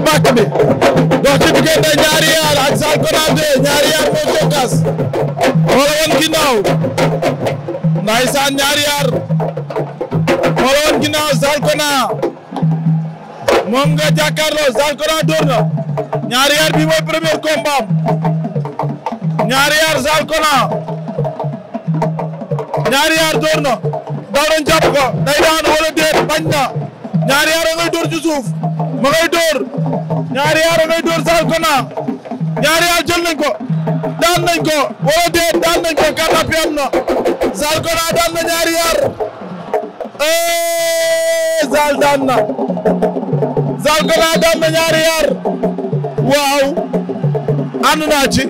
bakk bi dox ci diggante ñaari yaar ak Zal Konaté ñaari yaar moo jokkas xoolal woon ginnaaw ndaysaan ñaari yaar xoolal woon ginnaaw Zal Konaté moom nga jàkkaarloo Zal Konaté door yaar bi mooy premier combat ñaari yaar Zal Konaté yaar door na daaw doon jàpp daan wala déet bañ na ñaari yaaro ngay dóor ci ma ngay dóor ñaari yaaro ngay dóor sal kona ñaari yaar jël nañ ko daan nañ ko wala déet daan nañ ko kàllapi am na sal kona daan na ñaari ee eh, sal daan na sal kona daan na ñaari waaw ànd naa ci